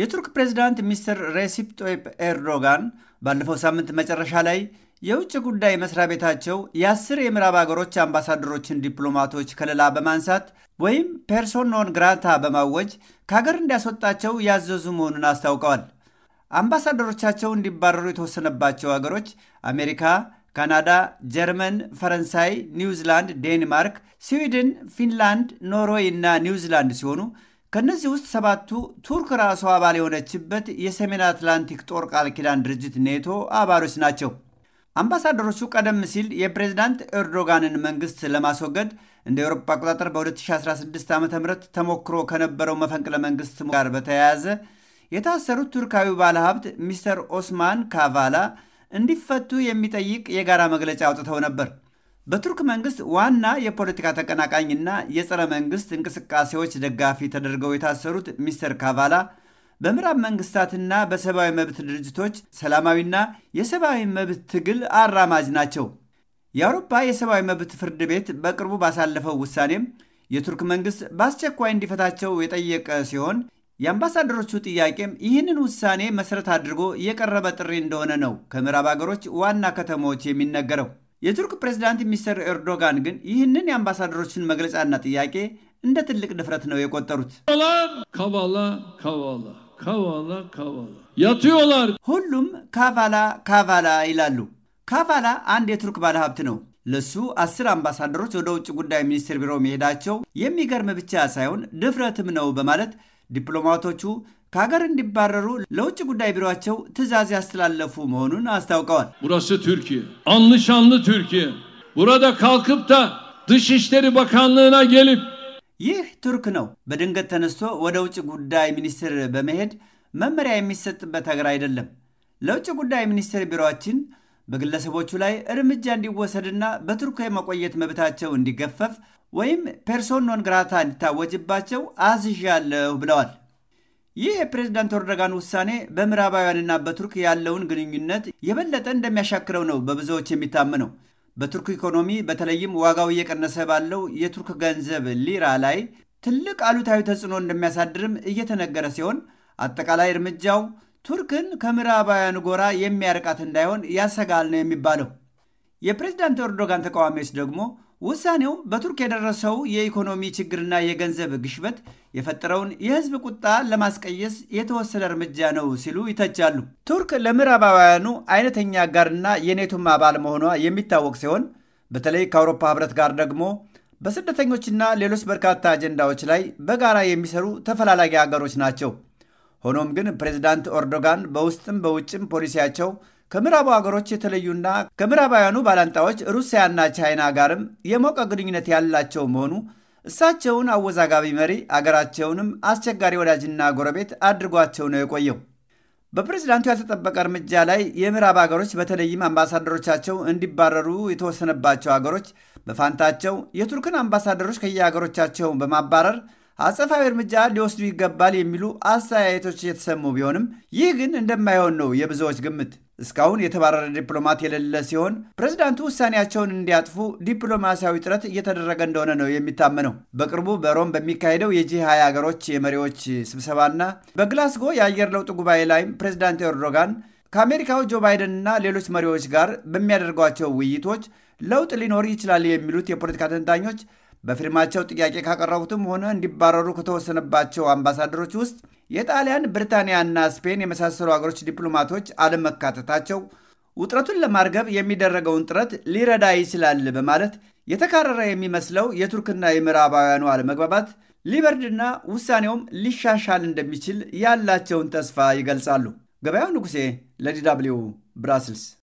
የቱርክ ፕሬዚዳንት ሚስተር ሬሲፕ ጦይፕ ኤርዶጋን ባለፈው ሳምንት መጨረሻ ላይ የውጭ ጉዳይ መስሪያ ቤታቸው የአስር የምዕራብ አገሮች አምባሳደሮችን ዲፕሎማቶች ከለላ በማንሳት ወይም ፔርሶን ኖን ግራታ በማወጅ ከሀገር እንዲያስወጣቸው ያዘዙ መሆኑን አስታውቀዋል። አምባሳደሮቻቸው እንዲባረሩ የተወሰነባቸው አገሮች አሜሪካ፣ ካናዳ፣ ጀርመን፣ ፈረንሳይ፣ ኒውዚላንድ፣ ዴንማርክ፣ ስዊድን፣ ፊንላንድ፣ ኖርዌይ እና ኒውዚላንድ ሲሆኑ ከእነዚህ ውስጥ ሰባቱ ቱርክ ራሷ አባል የሆነችበት የሰሜን አትላንቲክ ጦር ቃል ኪዳን ድርጅት ኔቶ አባሎች ናቸው። አምባሳደሮቹ ቀደም ሲል የፕሬዚዳንት ኤርዶጋንን መንግስት ለማስወገድ እንደ ኤውሮፓ አቆጣጠር በ2016 ዓ ም ተሞክሮ ከነበረው መፈንቅለ መንግስት ጋር በተያያዘ የታሰሩት ቱርካዊ ባለሀብት ሚስተር ኦስማን ካቫላ እንዲፈቱ የሚጠይቅ የጋራ መግለጫ አውጥተው ነበር። በቱርክ መንግስት ዋና የፖለቲካ ተቀናቃኝና የጸረ መንግስት እንቅስቃሴዎች ደጋፊ ተደርገው የታሰሩት ሚስተር ካቫላ በምዕራብ መንግስታትና በሰብአዊ መብት ድርጅቶች ሰላማዊና የሰብአዊ መብት ትግል አራማጅ ናቸው። የአውሮፓ የሰብአዊ መብት ፍርድ ቤት በቅርቡ ባሳለፈው ውሳኔም የቱርክ መንግስት በአስቸኳይ እንዲፈታቸው የጠየቀ ሲሆን የአምባሳደሮቹ ጥያቄም ይህንን ውሳኔ መሠረት አድርጎ የቀረበ ጥሪ እንደሆነ ነው ከምዕራብ አገሮች ዋና ከተሞች የሚነገረው። የቱርክ ፕሬዝዳንት ሚስተር ኤርዶጋን ግን ይህንን የአምባሳደሮችን መግለጫና ጥያቄ እንደ ትልቅ ድፍረት ነው የቆጠሩት። ሁሉም ካቫላ ካቫላ ይላሉ። ካቫላ አንድ የቱርክ ባለሀብት ነው። ለሱ አስር አምባሳደሮች ወደ ውጭ ጉዳይ ሚኒስቴር ቢሮ መሄዳቸው የሚገርም ብቻ ሳይሆን ድፍረትም ነው በማለት ዲፕሎማቶቹ ከሀገር እንዲባረሩ ለውጭ ጉዳይ ቢሮቸው ትዕዛዝ ያስተላለፉ መሆኑን አስታውቀዋል። ቡራስ ቱርኪየ አንልሻንል ቱርኪየ ቡራደ ካልክብ ድሽሽተሪ ባካንልığına gelip ይህ ቱርክ ነው። በድንገት ተነስቶ ወደ ውጭ ጉዳይ ሚኒስቴር በመሄድ መመሪያ የሚሰጥበት ሀገር አይደለም። ለውጭ ጉዳይ ሚኒስቴር ቢሮችን በግለሰቦቹ ላይ እርምጃ እንዲወሰድና በቱርክ የመቆየት መብታቸው እንዲገፈፍ ወይም ፐርሶን ኖን ግራታ እንዲታወጅባቸው አዝዣለሁ ብለዋል። ይህ የፕሬዝዳንት ኤርዶጋን ውሳኔ በምዕራባውያንና በቱርክ ያለውን ግንኙነት የበለጠ እንደሚያሻክረው ነው በብዙዎች የሚታመነው። በቱርክ ኢኮኖሚ በተለይም ዋጋው እየቀነሰ ባለው የቱርክ ገንዘብ ሊራ ላይ ትልቅ አሉታዊ ተጽዕኖ እንደሚያሳድርም እየተነገረ ሲሆን አጠቃላይ እርምጃው ቱርክን ከምዕራባውያን ጎራ የሚያርቃት እንዳይሆን ያሰጋል ነው የሚባለው። የፕሬዝዳንት ኤርዶጋን ተቃዋሚዎች ደግሞ ውሳኔው በቱርክ የደረሰው የኢኮኖሚ ችግርና የገንዘብ ግሽበት የፈጠረውን የህዝብ ቁጣ ለማስቀየስ የተወሰደ እርምጃ ነው ሲሉ ይተቻሉ። ቱርክ ለምዕራባውያኑ አይነተኛ አጋርና የኔቱም አባል መሆኗ የሚታወቅ ሲሆን በተለይ ከአውሮፓ ህብረት ጋር ደግሞ በስደተኞችና ሌሎች በርካታ አጀንዳዎች ላይ በጋራ የሚሰሩ ተፈላላጊ አገሮች ናቸው። ሆኖም ግን ፕሬዚዳንት ኤርዶጋን በውስጥም በውጭም ፖሊሲያቸው ከምዕራቡ ሀገሮች የተለዩና ከምዕራባውያኑ ባላንጣዎች ሩሲያና ቻይና ጋርም የሞቀ ግንኙነት ያላቸው መሆኑ እሳቸውን አወዛጋቢ መሪ አገራቸውንም አስቸጋሪ ወዳጅና ጎረቤት አድርጓቸው ነው የቆየው። በፕሬዚዳንቱ ያልተጠበቀ እርምጃ ላይ የምዕራብ ሀገሮች በተለይም አምባሳደሮቻቸው እንዲባረሩ የተወሰነባቸው ሀገሮች በፋንታቸው የቱርክን አምባሳደሮች ከየሀገሮቻቸው በማባረር አጸፋዊ እርምጃ ሊወስዱ ይገባል የሚሉ አስተያየቶች የተሰሙ ቢሆንም ይህ ግን እንደማይሆን ነው የብዙዎች ግምት። እስካሁን የተባረረ ዲፕሎማት የሌለ ሲሆን ፕሬዝዳንቱ ውሳኔያቸውን እንዲያጥፉ ዲፕሎማሲያዊ ጥረት እየተደረገ እንደሆነ ነው የሚታመነው። በቅርቡ በሮም በሚካሄደው የጂ 20 ሀገሮች የመሪዎች ስብሰባና በግላስጎ የአየር ለውጥ ጉባኤ ላይም ፕሬዝዳንት ኤርዶጋን ከአሜሪካው ጆ ባይደንና ሌሎች መሪዎች ጋር በሚያደርጓቸው ውይይቶች ለውጥ ሊኖር ይችላል የሚሉት የፖለቲካ ተንታኞች በፊርማቸው ጥያቄ ካቀረቡትም ሆነ እንዲባረሩ ከተወሰነባቸው አምባሳደሮች ውስጥ የጣሊያን ብሪታንያና ስፔን የመሳሰሉ አገሮች ዲፕሎማቶች አለመካተታቸው ውጥረቱን ለማርገብ የሚደረገውን ጥረት ሊረዳ ይችላል በማለት የተካረረ የሚመስለው የቱርክና የምዕራባውያኑ አለመግባባት ሊበርድና ውሳኔውም ሊሻሻል እንደሚችል ያላቸውን ተስፋ ይገልጻሉ። ገበያው ንጉሴ ለዲ ደብልዩ ብራስልስ